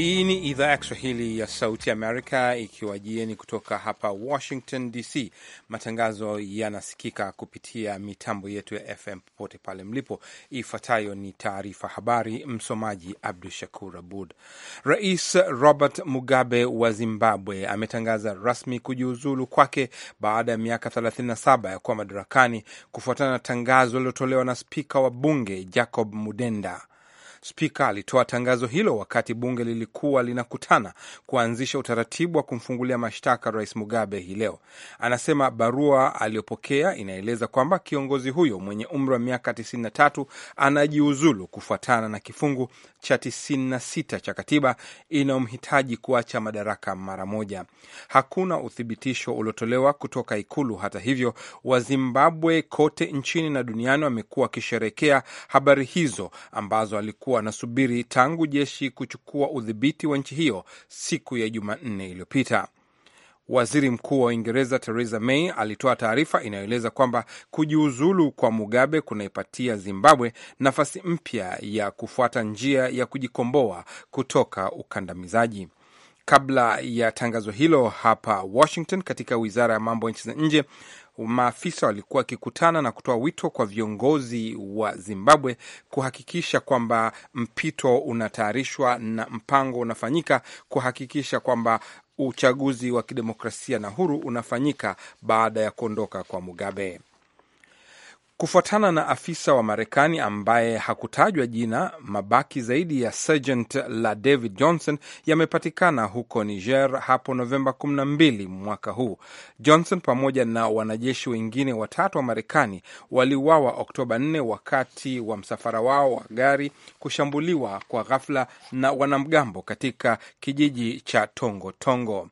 Hii ni idhaa ya Kiswahili ya Sauti Amerika ikiwajieni kutoka hapa Washington DC. Matangazo yanasikika kupitia mitambo yetu ya FM popote pale mlipo. Ifuatayo ni taarifa habari, msomaji Abdu Shakur Abud. Rais Robert Mugabe wa Zimbabwe ametangaza rasmi kujiuzulu kwake baada ya miaka 37 ya kuwa madarakani kufuatana na tangazo lililotolewa na spika wa bunge Jacob Mudenda. Spika alitoa tangazo hilo wakati bunge lilikuwa linakutana kuanzisha utaratibu wa kumfungulia mashtaka Rais Mugabe hii leo. Anasema barua aliyopokea inaeleza kwamba kiongozi huyo mwenye umri wa miaka 93 anajiuzulu kufuatana na kifungu cha 96 cha katiba inayomhitaji kuacha madaraka mara moja. Hakuna uthibitisho uliotolewa kutoka Ikulu. Hata hivyo, Wazimbabwe kote nchini na duniani wamekuwa wakisherekea habari hizo ambazo alikuwa anasubiri tangu jeshi kuchukua udhibiti wa nchi hiyo siku ya Jumanne iliyopita. Waziri Mkuu wa Uingereza Theresa May alitoa taarifa inayoeleza kwamba kujiuzulu kwa Mugabe kunaipatia Zimbabwe nafasi mpya ya kufuata njia ya kujikomboa kutoka ukandamizaji. Kabla ya tangazo hilo hapa Washington, katika wizara ya mambo ya nchi za nje, maafisa walikuwa wakikutana na kutoa wito kwa viongozi wa Zimbabwe kuhakikisha kwamba mpito unatayarishwa na mpango unafanyika kuhakikisha kwamba uchaguzi wa kidemokrasia na huru unafanyika baada ya kuondoka kwa Mugabe. Kufuatana na afisa wa Marekani ambaye hakutajwa jina, mabaki zaidi ya Sergeant la David Johnson yamepatikana huko Niger hapo Novemba 12 mwaka huu. Johnson pamoja na wanajeshi wengine watatu wa Marekani waliuawa Oktoba 4 wakati wa msafara wao wa gari kushambuliwa kwa ghafla na wanamgambo katika kijiji cha Tongo Tongo.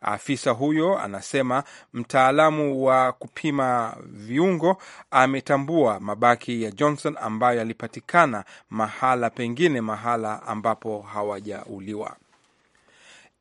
Afisa huyo anasema mtaalamu wa kupima viungo ametambua mabaki ya Johnson ambayo yalipatikana mahala pengine, mahala ambapo hawajauliwa.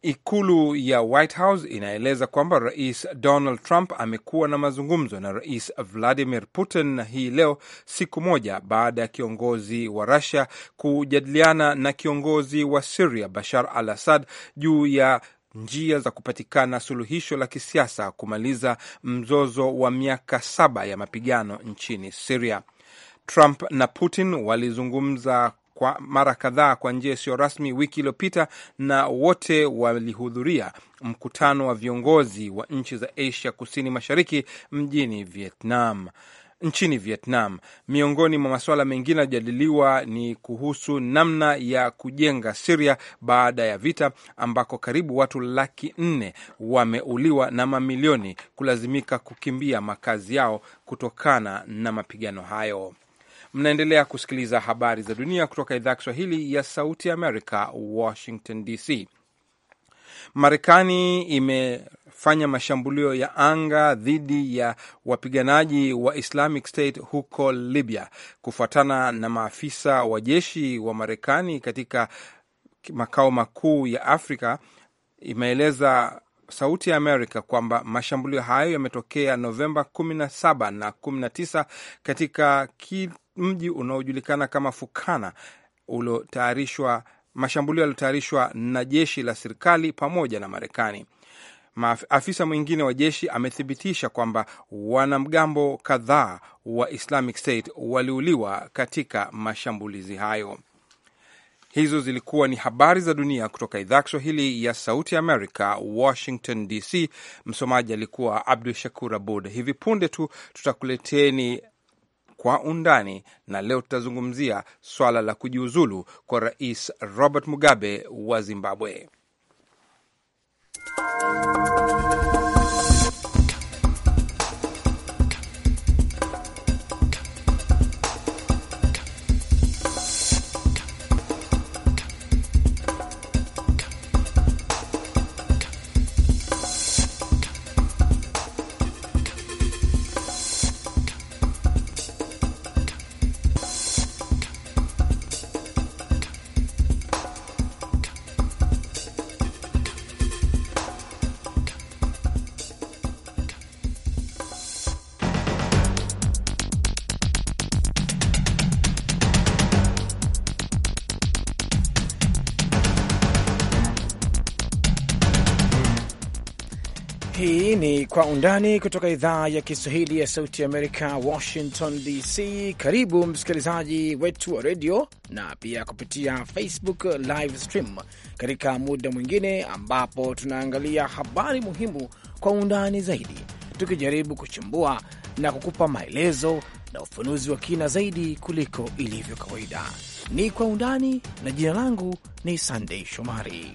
Ikulu ya White House inaeleza kwamba Rais Donald Trump amekuwa na mazungumzo na Rais Vladimir Putin hii leo, siku moja baada ya kiongozi wa Russia kujadiliana na kiongozi wa Syria Bashar al Assad juu ya njia za kupatikana suluhisho la kisiasa kumaliza mzozo wa miaka saba ya mapigano nchini Siria. Trump na Putin walizungumza kwa mara kadhaa kwa njia isiyo rasmi wiki iliyopita, na wote walihudhuria mkutano wa viongozi wa nchi za Asia Kusini Mashariki mjini Vietnam nchini Vietnam. Miongoni mwa masuala mengine yajadiliwa ni kuhusu namna ya kujenga Siria baada ya vita ambako karibu watu laki nne wameuliwa na mamilioni kulazimika kukimbia makazi yao kutokana na mapigano hayo. Mnaendelea kusikiliza habari za dunia kutoka idhaa ya Kiswahili ya Sauti ya Amerika, Washington DC. Marekani ime fanya mashambulio ya anga dhidi ya wapiganaji wa Islamic State huko Libya, kufuatana na maafisa wa jeshi wa Marekani katika makao makuu ya Afrika. Imeeleza Sauti ya Amerika kwamba mashambulio hayo yametokea Novemba 17 na 19 katika mji unaojulikana kama Fukana uliotayarishwa mashambulio yaliyotayarishwa na jeshi la serikali pamoja na Marekani. Afisa mwingine wa jeshi amethibitisha kwamba wanamgambo kadhaa wa Islamic State waliuliwa katika mashambulizi hayo. Hizo zilikuwa ni habari za dunia kutoka idhaa Kiswahili ya Sauti Amerika, Washington DC. Msomaji alikuwa Abdu Shakur Abud. Hivi punde tu tutakuleteni kwa undani, na leo tutazungumzia swala la kujiuzulu kwa Rais Robert Mugabe wa Zimbabwe. Kwa Undani kutoka idhaa ya Kiswahili ya Sauti Amerika, Washington DC. Karibu msikilizaji wetu wa redio na pia kupitia Facebook live stream katika muda mwingine, ambapo tunaangalia habari muhimu kwa undani zaidi, tukijaribu kuchimbua na kukupa maelezo na ufunuzi wa kina zaidi kuliko ilivyo kawaida. Ni Kwa Undani, na jina langu ni Sandei Shomari.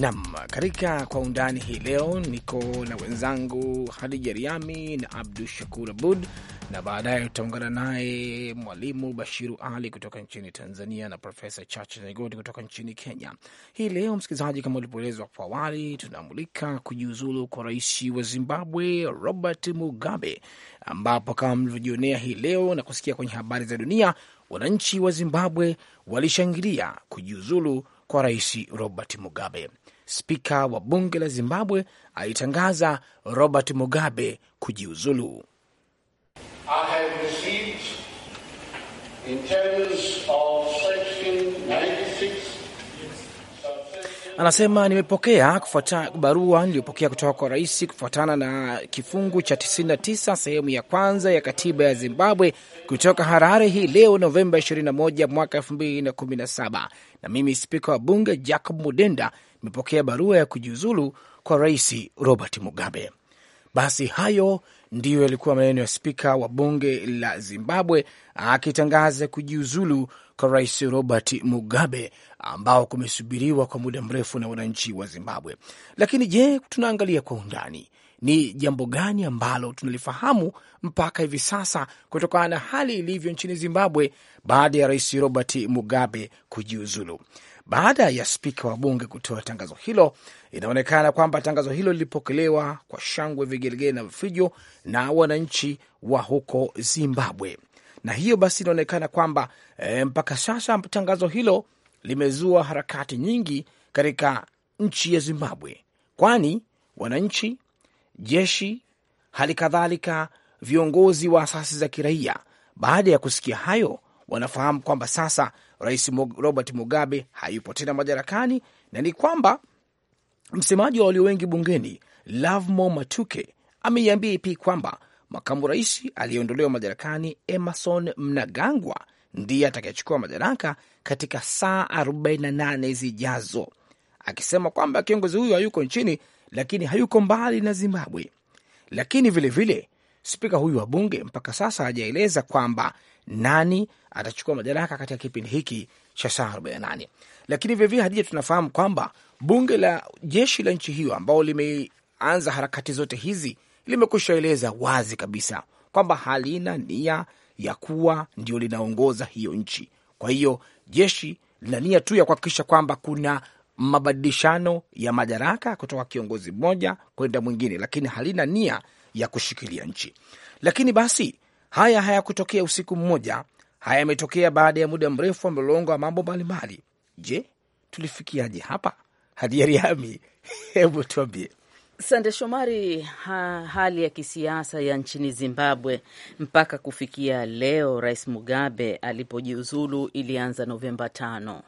Nam katika kwa undani hii leo niko na wenzangu Hadija Riami na Abdu Shakur Abud, na baadaye tutaungana naye Mwalimu Bashiru Ali kutoka nchini Tanzania na Profesa Chacha Nyaigoti kutoka nchini Kenya. Hii leo, msikilizaji, kama ulivyoelezwa hapo awali, tunamulika kujiuzulu kwa rais wa Zimbabwe Robert Mugabe, ambapo kama mlivyojionea hii leo na kusikia kwenye habari za dunia, wananchi wa Zimbabwe walishangilia kujiuzulu kwa Rais Robert Mugabe. Spika wa bunge la Zimbabwe alitangaza Robert Mugabe kujiuzulu. I have anasema nimepokea barua niliyopokea kutoka kwa rais kufuatana na kifungu cha 99 sehemu ya kwanza ya katiba ya Zimbabwe kutoka Harare hii leo Novemba 21 mwaka 2017, na mimi spika wa bunge Jacob Mudenda nimepokea barua ya kujiuzulu kwa rais Robert Mugabe. Basi hayo ndiyo yalikuwa maneno ya spika wa bunge la Zimbabwe akitangaza kujiuzulu kwa Rais Robert Mugabe ambao kumesubiriwa kwa muda mrefu na wananchi wa Zimbabwe. Lakini je, tunaangalia kwa undani ni jambo gani ambalo tunalifahamu mpaka hivi sasa kutokana na hali ilivyo nchini Zimbabwe baada ya Rais Robert Mugabe kujiuzulu. Baada ya spika wa bunge kutoa tangazo hilo, inaonekana kwamba tangazo hilo lilipokelewa kwa shangwe, vigelegele na vifijo na wananchi wa huko Zimbabwe na hiyo basi inaonekana kwamba e, mpaka sasa tangazo hilo limezua harakati nyingi katika nchi ya Zimbabwe, kwani wananchi, jeshi, hali kadhalika viongozi wa asasi za kiraia, baada ya kusikia hayo, wanafahamu kwamba sasa Rais Robert Mugabe hayupo tena madarakani, na ni kwamba msemaji wa walio wengi bungeni Lovemore Matuke ameiambia EP kwamba Makamu rais aliyeondolewa madarakani Emerson Mnangagwa ndiye atakayechukua madaraka katika saa 48 zijazo, akisema kwamba kiongozi huyo hayuko nchini, lakini hayuko mbali na Zimbabwe. Lakini vilevile vile, spika huyu wa bunge mpaka sasa hajaeleza kwamba nani atachukua madaraka katika kipindi hiki cha saa 48. Lakini vilevile, Hadija, tunafahamu kwamba bunge la jeshi la nchi hiyo ambao limeanza harakati zote hizi limekwisha eleza wazi kabisa kwamba halina nia ya kuwa ndio linaongoza hiyo nchi. Kwa hiyo jeshi lina nia tu ya kuhakikisha kwamba kuna mabadilishano ya madaraka kutoka kiongozi mmoja kwenda mwingine, lakini halina nia ya kushikilia nchi. Lakini basi haya hayakutokea usiku mmoja, haya yametokea baada ya muda mrefu wa mlolongo wa mambo mbalimbali. Je, tulifikiaje hapa? Hadi Yariami, hebu tuambie. Sande Shomari, ha, hali ya kisiasa ya nchini Zimbabwe mpaka kufikia leo Rais Mugabe alipojiuzulu ilianza Novemba tano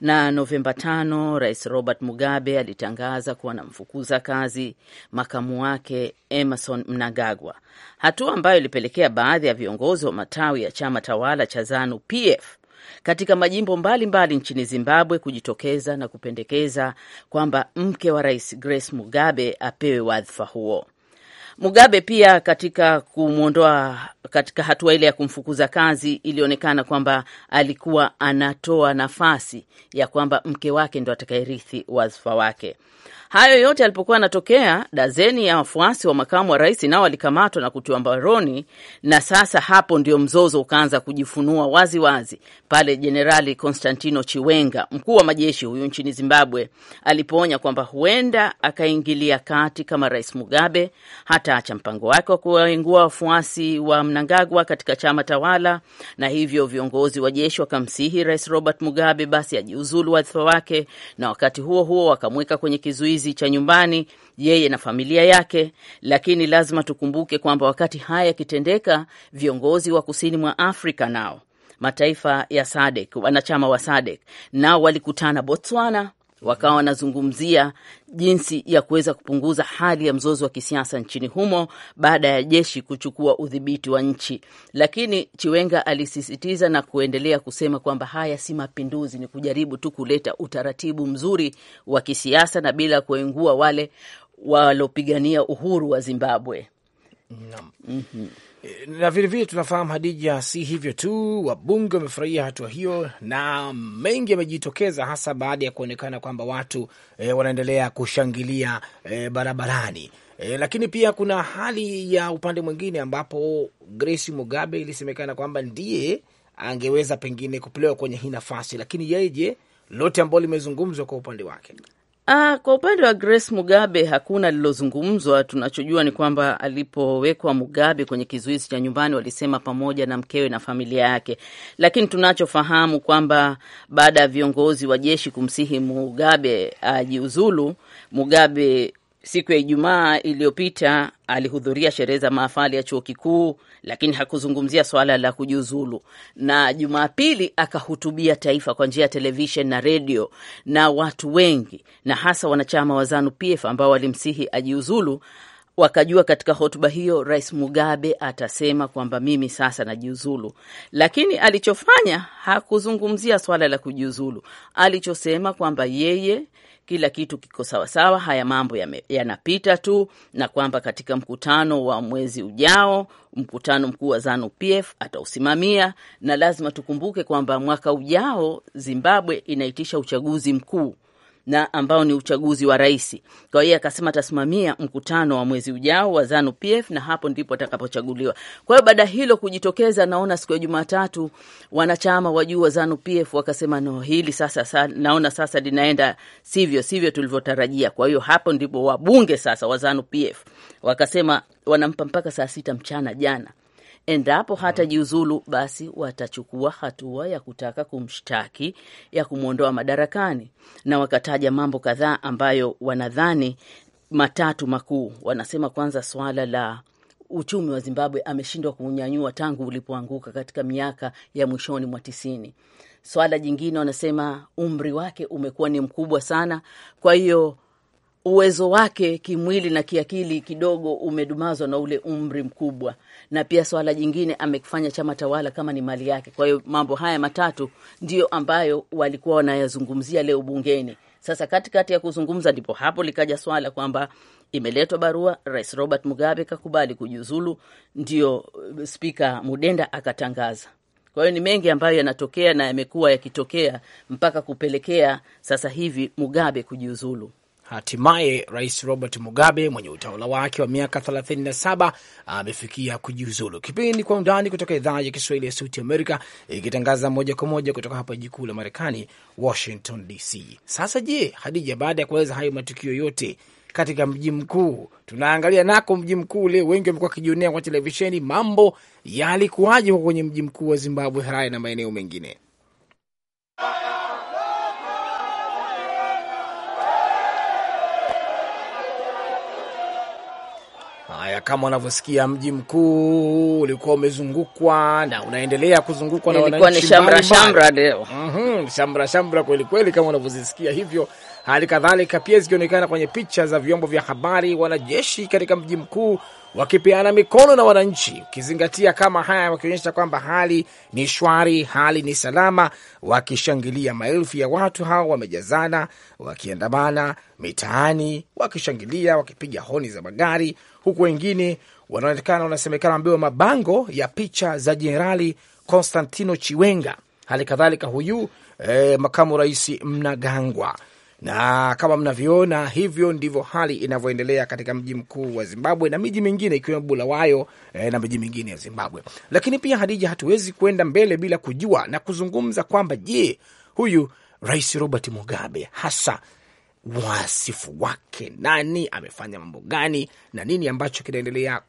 na Novemba tano Rais Robert Mugabe alitangaza kuwa anamfukuza kazi makamu wake Emerson Mnangagwa, hatua ambayo ilipelekea baadhi ya viongozi wa matawi ya chama tawala cha Zanu PF katika majimbo mbalimbali mbali nchini Zimbabwe kujitokeza na kupendekeza kwamba mke wa rais Grace Mugabe apewe wadhifa huo. Mugabe pia katika kumwondoa katika hatua ile ya kumfukuza kazi ilionekana kwamba alikuwa anatoa nafasi ya kwamba mke wake ndo atakayerithi wadhifa wake. Hayo yote alipokuwa anatokea, dazeni ya wafuasi wa makamu wa rais nao walikamatwa na kutiwa mbaroni, na sasa hapo ndio mzozo ukaanza kujifunua waziwazi wazi pale Jenerali Konstantino Chiwenga, mkuu wa majeshi huyu nchini Zimbabwe, alipoonya kwamba huenda akaingilia kati kama Rais Mugabe hataacha mpango wake wa kuwaingua wafuasi wa Mnangagwa katika chama tawala, na hivyo viongozi wa jeshi wakamsihi Rais Robert Mugabe basi ajiuzulu wadhifa wake, na wakati huo huo wakamweka kwenye kizuizi cha nyumbani yeye na familia yake. Lakini lazima tukumbuke kwamba wakati haya yakitendeka, viongozi wa kusini mwa Afrika nao mataifa ya SADC wanachama wa SADC nao walikutana Botswana wakawa wanazungumzia jinsi ya kuweza kupunguza hali ya mzozo wa kisiasa nchini humo baada ya jeshi kuchukua udhibiti wa nchi. Lakini Chiwenga alisisitiza na kuendelea kusema kwamba haya si mapinduzi, ni kujaribu tu kuleta utaratibu mzuri wa kisiasa na bila kuwaingua wale walopigania uhuru wa Zimbabwe. Naam. mm -hmm. Na vilevile tunafahamu Hadija, si hivyo tu, wabunge wamefurahia hatua hiyo na mengi yamejitokeza, hasa baada ya kuonekana kwamba watu e, wanaendelea kushangilia e, barabarani e, lakini pia kuna hali ya upande mwingine ambapo Grace Mugabe ilisemekana kwamba ndiye angeweza pengine kupelewa kwenye hii nafasi, lakini yeye je, lote ambalo limezungumzwa kwa upande wake Ah, kwa upande wa Grace Mugabe hakuna lilozungumzwa. Tunachojua ni kwamba alipowekwa Mugabe kwenye kizuizi cha nyumbani walisema pamoja na mkewe na familia yake, lakini tunachofahamu kwamba baada ya viongozi wa jeshi kumsihi Mugabe ajiuzulu, Mugabe siku ya Ijumaa iliyopita alihudhuria sherehe za mahafali ya chuo kikuu, lakini hakuzungumzia swala la kujiuzulu, na Jumapili akahutubia taifa kwa njia ya televisheni na redio, na watu wengi na hasa wanachama wa Zanu PF ambao walimsihi ajiuzulu wakajua katika hotuba hiyo Rais Mugabe atasema kwamba mimi sasa najiuzulu, lakini alichofanya hakuzungumzia swala la kujiuzulu. Alichosema kwamba yeye kila kitu kiko sawasawa, haya mambo yanapita ya tu, na kwamba katika mkutano wa mwezi ujao, mkutano mkuu wa ZANU PF atausimamia, na lazima tukumbuke kwamba mwaka ujao Zimbabwe inaitisha uchaguzi mkuu na ambao ni uchaguzi wa rais. Kwa hiyo akasema atasimamia mkutano wa mwezi ujao wa Zanu PF na hapo ndipo atakapochaguliwa. Kwa hiyo baada hilo kujitokeza, naona siku ya Jumatatu wanachama wa juu wa Zanu PF wakasema no, hili sasa, sasa naona sasa linaenda sivyo sivyo tulivyotarajia. Kwa hiyo hapo ndipo wabunge sasa wa Zanu PF wakasema wanampa mpaka saa sita mchana jana Endapo hata jiuzulu basi watachukua hatua ya kutaka kumshtaki ya kumwondoa madarakani, na wakataja mambo kadhaa ambayo wanadhani matatu makuu. Wanasema kwanza, swala la uchumi wa Zimbabwe ameshindwa kuunyanyua tangu ulipoanguka katika miaka ya mwishoni mwa tisini. Swala jingine wanasema umri wake umekuwa ni mkubwa sana, kwa hiyo uwezo wake kimwili na kiakili kidogo umedumazwa na ule umri mkubwa na pia swala jingine amekifanya chama tawala kama ni mali yake. Kwa hiyo mambo haya matatu ndiyo ambayo walikuwa wanayazungumzia leo bungeni. Sasa katikati kati ya kuzungumza, ndipo hapo likaja swala kwamba imeletwa barua, Rais Robert Mugabe kakubali kujiuzulu, ndio uh, Spika Mudenda akatangaza. Kwa hiyo ni mengi ambayo yanatokea na yamekuwa yakitokea mpaka kupelekea sasa hivi Mugabe kujiuzulu. Hatimaye Rais Robert Mugabe mwenye utawala wake wa miaka 37 amefikia kujiuzulu. Kipindi Kwa Undani kutoka idhaa ya Kiswahili ya Sauti Amerika, ikitangaza moja kwa moja kutoka hapa jiji kuu la Marekani, Washington DC. Sasa je, Hadija, baada ya kueleza hayo matukio yote katika mji mkuu, tunaangalia nako mji mkuu leo wengi wamekuwa wakijionea kwa televisheni, mambo yalikuwaje huko kwenye mji mkuu wa Zimbabwe, Harare na maeneo mengine Haya, kama wanavyosikia, mji mkuu ulikuwa umezungukwa na unaendelea kuzungukwa na wananchi, shamra shamra leo, mm shamra shamra kweli kweli, kama unavyozisikia hivyo Hali kadhalika pia zikionekana kwenye picha za vyombo vya habari, wanajeshi katika mji mkuu wakipeana mikono na wananchi, ukizingatia kama haya, wakionyesha kwamba hali ni shwari, hali ni salama, wakishangilia. Maelfu ya watu hao wamejazana, wakiandamana mitaani, wakishangilia, wakipiga honi za magari, huku wengine wanaonekana wanasemekana wamebewa mabango ya picha za Jenerali Konstantino Chiwenga, hali kadhalika huyu eh, makamu rais Mnagangwa na kama mnavyoona, hivyo ndivyo hali inavyoendelea katika mji mkuu wa Zimbabwe na miji mingine ikiwemo Bulawayo eh, na miji mingine ya Zimbabwe. Lakini pia Hadija, hatuwezi kwenda mbele bila kujua na kuzungumza kwamba je, huyu Rais Robert Mugabe hasa wasifu wake nani, amefanya mambo gani na nini ambacho kinaendelea.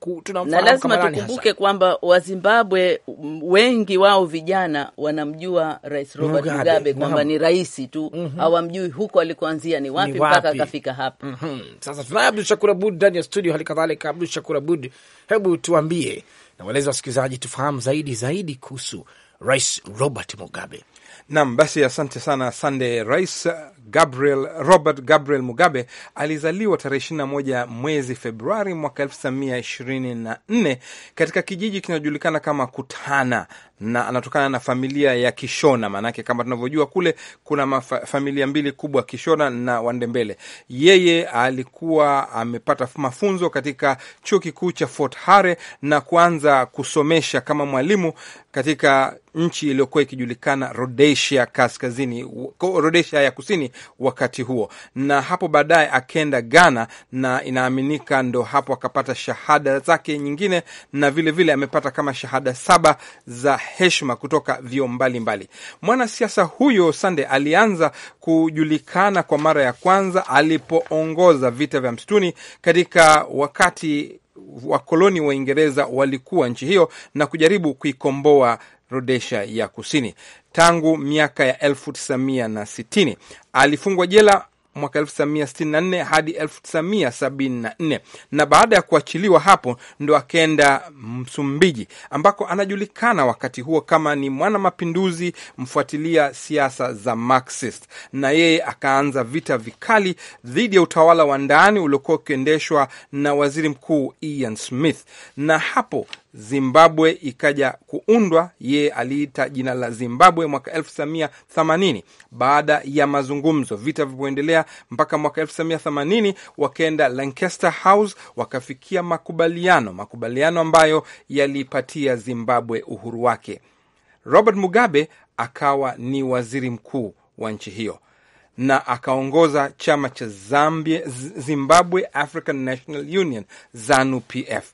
Na lazima tukumbuke kwamba Wazimbabwe wengi wao vijana wanamjua Rais Robert Mugabe kwamba ni rais tu, mm -hmm. hawamjui huko alikuanzia ni wapi mpaka akafika hapa. mm -hmm. Sasa tunaye Abdu Shakur Abud ndani ya studio, hali kadhalika Abdu Shakur Abud, hebu tuambie na waeleze wasikilizaji tufahamu zaidi zaidi kuhusu Rais Robert Mugabe. Nam, basi asante sana Sande. Rais Gabriel Robert Gabriel Mugabe alizaliwa tarehe 21 mwezi Februari mwaka 1924 katika kijiji kinachojulikana kama Kutana na anatokana na familia ya Kishona. Maanake kama tunavyojua kule kuna familia mbili kubwa, Kishona na Wandembele. Yeye alikuwa amepata mafunzo katika chuo kikuu cha Fort Hare na kuanza kusomesha kama mwalimu katika nchi iliyokuwa ikijulikana Rhodesia kaskazini, Rhodesia ya kusini wakati huo, na hapo baadaye akenda Ghana na inaaminika ndo hapo akapata shahada zake nyingine, na vilevile vile amepata kama shahada saba za heshima kutoka vyo mbalimbali. Mwanasiasa huyo Sande alianza kujulikana kwa mara ya kwanza alipoongoza vita vya msituni katika wakati wakoloni wa Uingereza walikuwa nchi hiyo na kujaribu kuikomboa Rhodesia ya Kusini tangu miaka ya 1960 alifungwa jela mwaka 1964 hadi 1974, na baada ya kuachiliwa hapo ndo akaenda Msumbiji ambako anajulikana wakati huo kama ni mwana mapinduzi, mfuatilia siasa za Marxist, na yeye akaanza vita vikali dhidi ya utawala wa ndani uliokuwa ukiendeshwa na waziri mkuu Ian Smith, na hapo Zimbabwe ikaja kuundwa. Yeye aliita jina la Zimbabwe mwaka 1980 baada ya mazungumzo, vita vilivyoendelea mpaka mwaka 1980, wakaenda Lancaster House wakafikia makubaliano, makubaliano ambayo yalipatia Zimbabwe uhuru wake. Robert Mugabe akawa ni waziri mkuu wa nchi hiyo na akaongoza chama cha Zambia, Zimbabwe African National Union ZANU PF.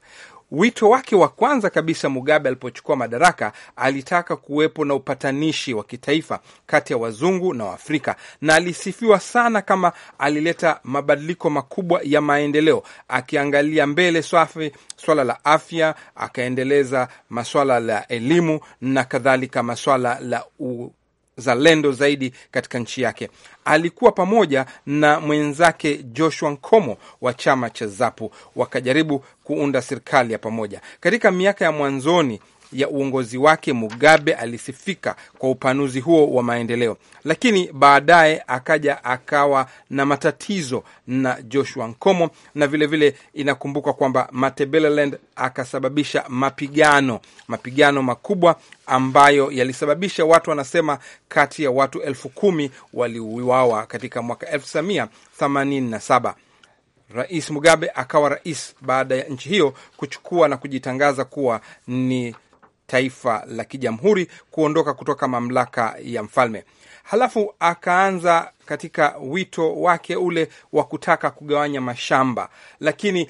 Wito wake wa kwanza kabisa Mugabe alipochukua madaraka alitaka kuwepo na upatanishi wa kitaifa kati ya wazungu na Waafrika, na alisifiwa sana kama alileta mabadiliko makubwa ya maendeleo, akiangalia mbele swafi swala la afya, akaendeleza maswala la elimu na kadhalika, maswala la u zalendo zaidi katika nchi yake. Alikuwa pamoja na mwenzake Joshua Nkomo wa chama cha ZAPU wakajaribu kuunda serikali ya pamoja. Katika miaka ya mwanzoni ya uongozi wake, Mugabe alisifika kwa upanuzi huo wa maendeleo, lakini baadaye akaja akawa na matatizo na Joshua Nkomo, na vilevile inakumbuka kwamba Matabeleland akasababisha mapigano, mapigano makubwa ambayo yalisababisha watu wanasema kati ya watu elfu kumi waliuawa katika mwaka 1987. Rais Mugabe akawa rais baada ya nchi hiyo kuchukua na kujitangaza kuwa ni taifa la kijamhuri kuondoka kutoka mamlaka ya mfalme. Halafu akaanza katika wito wake ule wa kutaka kugawanya mashamba, lakini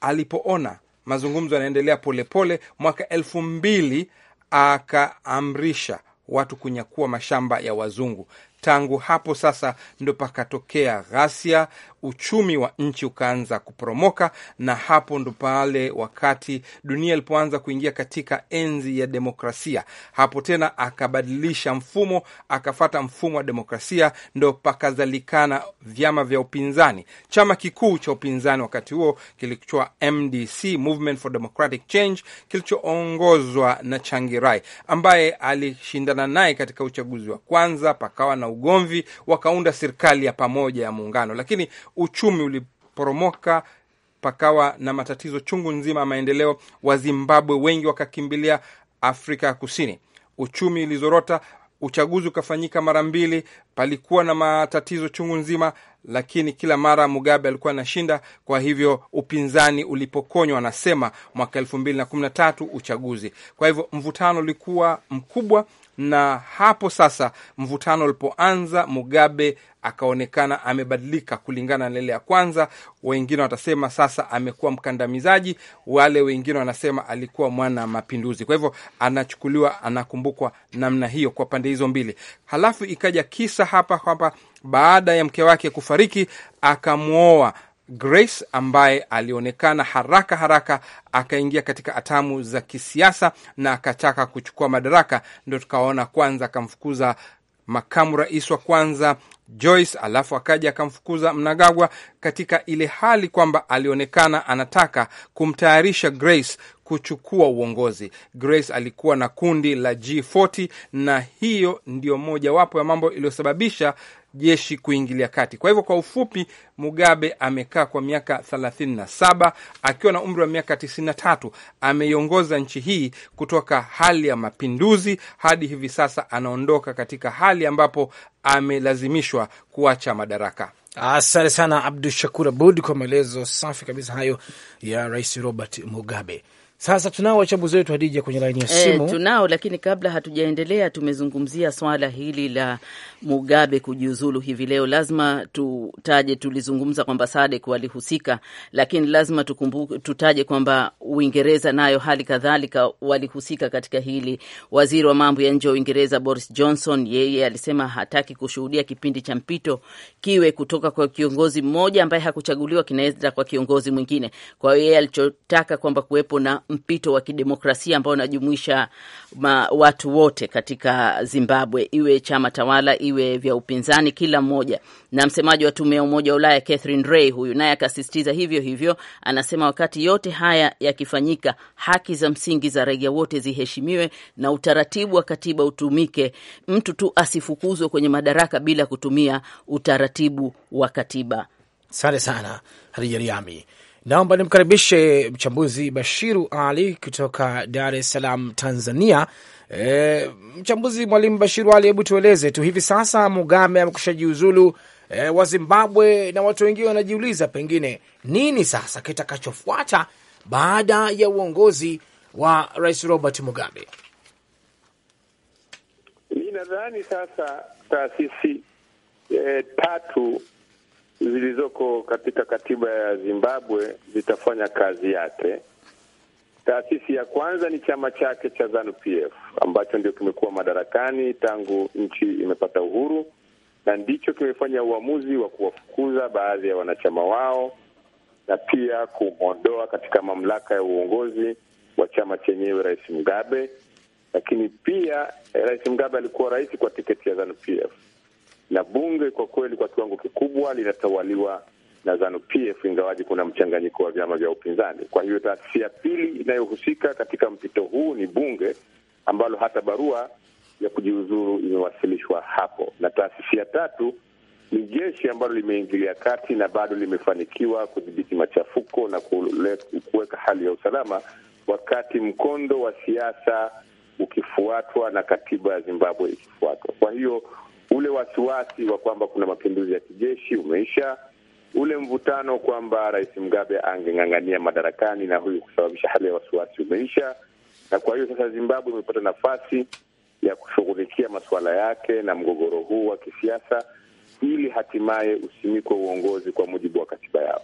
alipoona mazungumzo yanaendelea polepole, mwaka elfu mbili akaamrisha watu kunyakua mashamba ya wazungu Tangu hapo sasa ndo pakatokea ghasia, uchumi wa nchi ukaanza kuporomoka, na hapo ndo pale wakati dunia ilipoanza kuingia katika enzi ya demokrasia. Hapo tena akabadilisha mfumo, akafata mfumo wa demokrasia, ndo pakazalikana vyama vya upinzani. Chama kikuu cha upinzani wakati huo kilichoa MDC, Movement for Democratic Change, kilichoongozwa na Changirai ambaye alishindana naye katika uchaguzi wa kwanza, pakawa na ugomvi, wakaunda serikali ya pamoja ya muungano, lakini uchumi uliporomoka pakawa na matatizo chungu nzima ya maendeleo. Wazimbabwe wengi wakakimbilia Afrika ya Kusini, uchumi ilizorota. Uchaguzi ukafanyika mara mbili, palikuwa na matatizo chungu nzima, lakini kila mara Mugabe alikuwa anashinda. Kwa hivyo upinzani ulipokonywa, anasema mwaka elfu mbili na kumi na tatu uchaguzi. Kwa hivyo mvutano ulikuwa mkubwa, na hapo sasa mvutano ulipoanza, Mugabe akaonekana amebadilika kulingana na ile ya kwanza. Wengine watasema sasa amekuwa mkandamizaji, wale wengine wanasema alikuwa mwana mapinduzi. Kwa hivyo anachukuliwa, anakumbukwa namna hiyo kwa pande hizo mbili. Halafu ikaja kisa hapa kwamba baada ya mke wake kufariki akamwoa Grace ambaye alionekana haraka haraka akaingia katika atamu za kisiasa na akataka kuchukua madaraka, ndo tukaona kwanza akamfukuza makamu rais wa kwanza Joyce, alafu akaja akamfukuza mnagagwa katika ile hali kwamba alionekana anataka kumtayarisha Grace kuchukua uongozi. Grace alikuwa na kundi la G40 na hiyo ndiyo mojawapo ya mambo iliyosababisha jeshi kuingilia kati. Kwa hivyo, kwa ufupi, Mugabe amekaa kwa miaka thelathini na saba akiwa na umri wa miaka tisini na tatu. Ameiongoza nchi hii kutoka hali ya mapinduzi hadi hivi sasa, anaondoka katika hali ambapo amelazimishwa kuacha madaraka. Asante sana Abdu Shakur Abud kwa maelezo safi kabisa hayo ya Rais Robert Mugabe. Sasa tunao wachambuzi wetu Hadija kwenye laini ya eh, simu e, tunao lakini, kabla hatujaendelea, tumezungumzia swala hili la Mugabe kujiuzulu hivi leo. Lazima tutaje, tulizungumza kwamba Sadek walihusika, lakini lazima tukumbuke, tutaje kwamba Uingereza nayo hali kadhalika walihusika katika hili. Waziri wa mambo ya nje wa Uingereza Boris Johnson, yeye alisema hataki kushuhudia kipindi cha mpito kiwe kutoka kwa kiongozi mmoja ambaye hakuchaguliwa kinaenda kwa kiongozi mwingine. Kwa hiyo yeye alichotaka kwamba kuwepo na mpito wa kidemokrasia ambao unajumuisha watu wote katika Zimbabwe, iwe chama tawala, iwe vya upinzani, kila mmoja. Na msemaji wa tume ya Umoja wa Ulaya Catherine Ray, huyu naye akasisitiza hivyo hivyo, anasema wakati yote haya yakifanyika, haki za msingi za raia wote ziheshimiwe na utaratibu wa katiba utumike, mtu tu asifukuzwe kwenye madaraka bila kutumia utaratibu wa katiba. Asante sana Hadija Riami. Naomba nimkaribishe mchambuzi Bashiru Ali kutoka Dar es Salaam, Tanzania. E, mchambuzi Mwalimu Bashiru Ali, hebu tueleze tu hivi sasa Mugabe amekusha jiuzulu. E, wa Zimbabwe na watu wengine wanajiuliza pengine nini sasa kitakachofuata baada ya uongozi wa Rais Robert Mugabe. Ninadhani sasa taasisi e, tatu zilizoko katika katiba ya Zimbabwe zitafanya kazi yake. Taasisi ya kwanza ni chama chake cha ZANU PF ambacho ndio kimekuwa madarakani tangu nchi imepata uhuru, na ndicho kimefanya uamuzi wa kuwafukuza baadhi ya wanachama wao na pia kumwondoa katika mamlaka ya uongozi wa chama chenyewe Rais Mugabe. Lakini pia Rais Mugabe alikuwa rais kwa tiketi ya ZANU PF na bunge kwa kweli kwa kiwango kikubwa linatawaliwa na Zanu PF, ingawaji kuna mchanganyiko wa vyama vya upinzani. Kwa hiyo taasisi ya pili inayohusika katika mpito huu ni bunge ambalo hata barua ya kujiuzuru imewasilishwa hapo, na taasisi ya tatu ni jeshi ambalo limeingilia kati na bado limefanikiwa kudhibiti machafuko na kuweka hali ya usalama, wakati mkondo wa siasa ukifuatwa na katiba ya Zimbabwe ikifuatwa. Kwa hiyo ule wasiwasi wa kwamba kuna mapinduzi ya kijeshi umeisha, ule mvutano kwamba Rais Mugabe angeng'ang'ania madarakani na huyu kusababisha hali ya wasiwasi umeisha, na kwa hiyo sasa Zimbabwe imepata nafasi ya kushughulikia masuala yake na mgogoro huu wa kisiasa ili hatimaye usimikwe uongozi kwa mujibu wa katiba yao.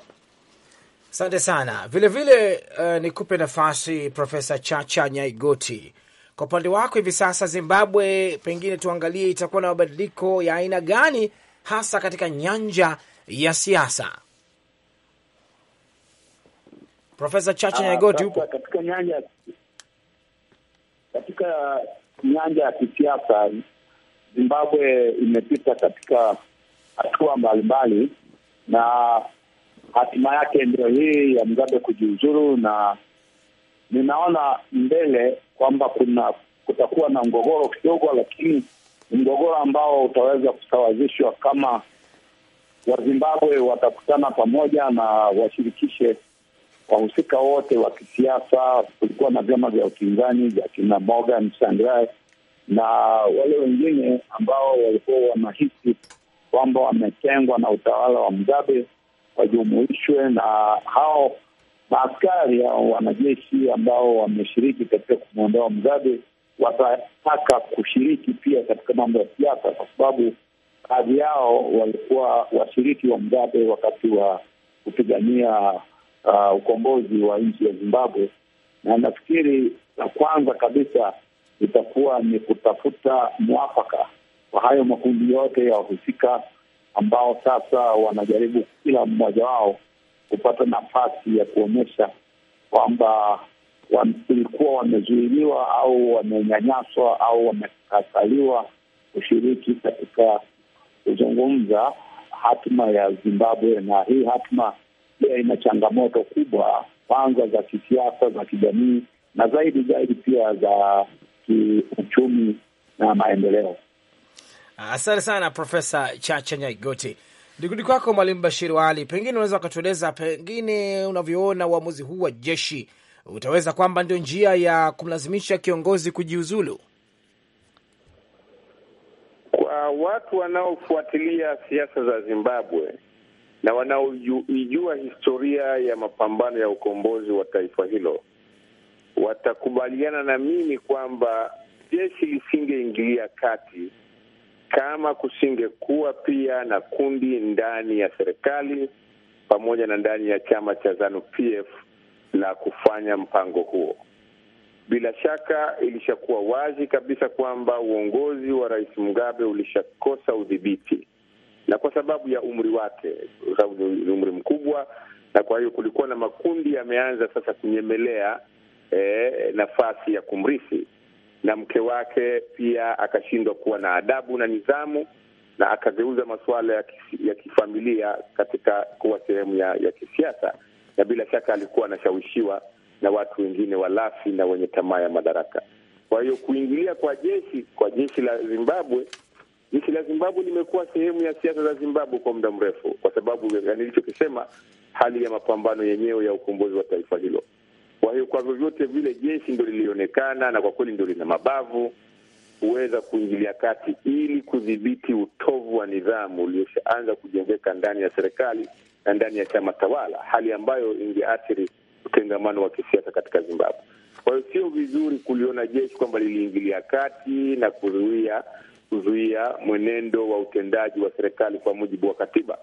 Asante sana. Vilevile uh, eh, nikupe nafasi Profesa Chacha Nyaigoti kwa upande wako hivi sasa Zimbabwe, pengine tuangalie itakuwa na mabadiliko ya aina gani hasa katika nyanja ya siasa? Profesa Chacha ah, Nyagoti upo katika nyanja katika nyanja ya kisiasa? Zimbabwe imepita katika hatua mbalimbali na hatima yake ndio hii ya Mugabe kujiuzuru, na ninaona mbele kwamba kuna kutakuwa na mgogoro kidogo, lakini mgogoro ambao utaweza kusawazishwa kama Wazimbabwe watakutana pamoja na washirikishe wahusika wote wa kisiasa. Kulikuwa na vyama vya upinzani vya kina Morgan Tsvangirai na wale wengine ambao walikuwa wanahisi kwamba wametengwa na utawala wa Mugabe wajumuishwe, na hao askari au wanajeshi ambao wameshiriki katika kumwondoa Mugabe watataka kushiriki pia katika mambo ya siasa, kwa sababu baadhi yao walikuwa washiriki wa Mugabe wakati wa kupigania uh, ukombozi wa nchi ya Zimbabwe, na nafikiri la kwanza kabisa itakuwa ni kutafuta mwafaka kwa hayo makundi yote ya wahusika ambao sasa wanajaribu kila mmoja wao kupata nafasi ya kuonyesha kwamba walikuwa wamezuiliwa au wamenyanyaswa au wamekataliwa kushiriki katika kuzungumza hatima ya Zimbabwe. Na hii hatima pia ina changamoto kubwa, kwanza za kisiasa, za kijamii na zaidi zaidi pia za kiuchumi na maendeleo. Asante sana Profesa Chacha Nyaigoti ndikudi kwako Mwalimu Bashir ali pengine unaweza ukatueleza, pengine unavyoona uamuzi huu wa jeshi utaweza kwamba ndio njia ya kumlazimisha kiongozi kujiuzulu. Kwa watu wanaofuatilia siasa za Zimbabwe na wanaoijua historia ya mapambano ya ukombozi wa taifa hilo watakubaliana na mimi kwamba jeshi lisingeingilia kati kama kusingekuwa pia na kundi ndani ya serikali pamoja na ndani ya chama cha Zanu PF la kufanya mpango huo. Bila shaka ilishakuwa wazi kabisa kwamba uongozi wa Rais Mugabe ulishakosa udhibiti, na kwa sababu ya umri wake, kwa sababu ni umri mkubwa, na kwa hiyo kulikuwa na makundi yameanza sasa kunyemelea eh, nafasi ya kumrithi na mke wake pia akashindwa kuwa na adabu na nidhamu, na akageuza masuala ya, kif, ya kifamilia katika kuwa sehemu ya, ya kisiasa, na bila shaka alikuwa anashawishiwa na watu wengine walafi na wenye tamaa ya madaraka. Kwa hiyo kuingilia kwa jeshi kwa jeshi la Zimbabwe, jeshi la Zimbabwe limekuwa sehemu ya siasa za Zimbabwe kwa muda mrefu, kwa sababu nilichokisema, hali ya mapambano yenyewe ya ukombozi wa taifa hilo kwa hiyo kwa vyovyote vile jeshi ndio lilionekana na kwa kweli ndio lina mabavu huweza kuingilia kati ili kudhibiti utovu wa nidhamu ulioshaanza kujengeka ndani ya serikali na ndani ya chama tawala, hali ambayo ingeathiri utengamano wa kisiasa katika Zimbabwe. Kwa hiyo sio vizuri kuliona jeshi kwamba liliingilia kati na kuzuia kuzuia mwenendo wa utendaji wa serikali kwa mujibu wa katiba.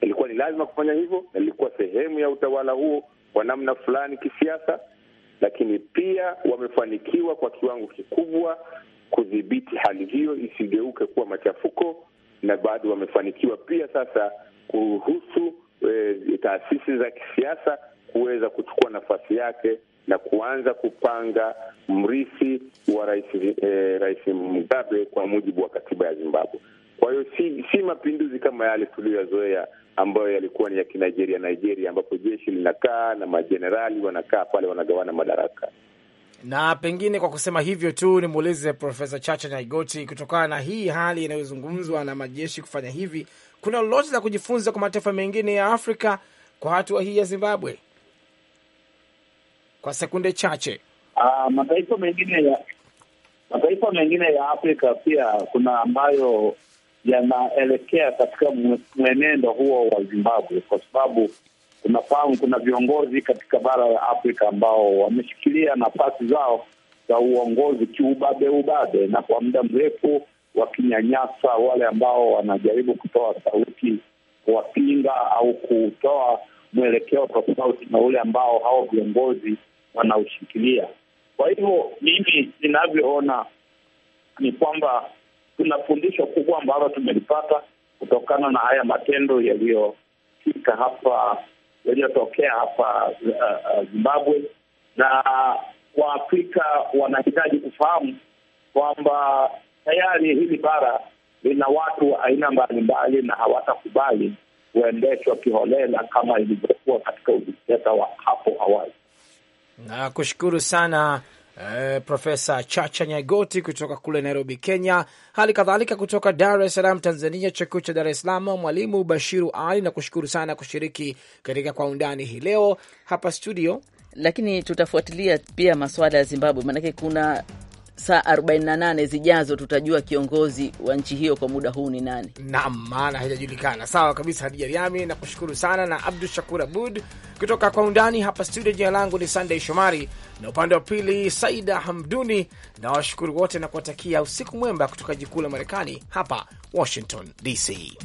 Ilikuwa ni lazima kufanya hivyo na ilikuwa sehemu ya utawala huo kwa namna fulani kisiasa, lakini pia wamefanikiwa kwa kiwango kikubwa kudhibiti hali hiyo isigeuke kuwa machafuko, na baadhi wamefanikiwa pia sasa kuruhusu e, taasisi za kisiasa kuweza kuchukua nafasi yake na kuanza kupanga mrithi wa rais e, Rais Mugabe kwa mujibu wa katiba ya Zimbabwe. Kwa hiyo si, si mapinduzi kama yale tuliyoyazoea ambayo yalikuwa ni ya kinigeria Nigeria, ambapo jeshi linakaa na majenerali wanakaa pale wanagawana madaraka. Na pengine kwa kusema hivyo tu nimuulize Profesa Chacha Nyaigoti, kutokana na hii hali inayozungumzwa na majeshi kufanya hivi, kuna lolote la kujifunza kwa mataifa mengine ya Afrika kwa hatua hii ya Zimbabwe? Kwa sekunde chache, uh, mataifa mengine ya mataifa mengine ya Afrika pia kuna ambayo yanaelekea katika mwenendo huo wa Zimbabwe, kwa sababu unafahamu kuna viongozi katika bara la Afrika ambao wameshikilia nafasi zao za uongozi kiubabe ubabe, na kwa muda mrefu wakinyanyasa wale ambao wanajaribu kutoa sauti, kuwapinga au kutoa mwelekeo tofauti na ule ambao hao viongozi wanaoshikilia. Kwa hivyo mimi ninavyoona ni kwamba kuna fundisho kubwa ambalo tumelipata kutokana na haya matendo yaliyofika hapa yaliyotokea hapa uh, uh, Zimbabwe, na Waafrika wanahitaji kufahamu kwamba tayari hili bara lina watu wa aina mbalimbali na hawatakubali kuendeshwa kiholela kama ilivyokuwa katika udikteta wa hapo awali. kushukuru sana eh, Profesa Chacha Nyagoti kutoka kule Nairobi, Kenya, hali kadhalika kutoka Dar es Salaam, Tanzania, chuo kikuu cha Dar es Salaam, Mwalimu Bashiru Ali, na kushukuru sana kushiriki katika Kwa Undani hii leo hapa studio, lakini tutafuatilia pia masuala ya Zimbabwe maanake kuna saa 48 zijazo tutajua kiongozi wa nchi hiyo kwa muda huu ni nani. Naam, maana haijajulikana. Sawa kabisa, Hadija Riami, na kushukuru sana na Abdu Shakur Abud kutoka Kwa Undani hapa studio. Jina langu ni Sunday Shomari na upande wa pili Saida Hamduni, na washukuru wote na kuwatakia usiku mwema kutoka jikuu la Marekani hapa Washington DC.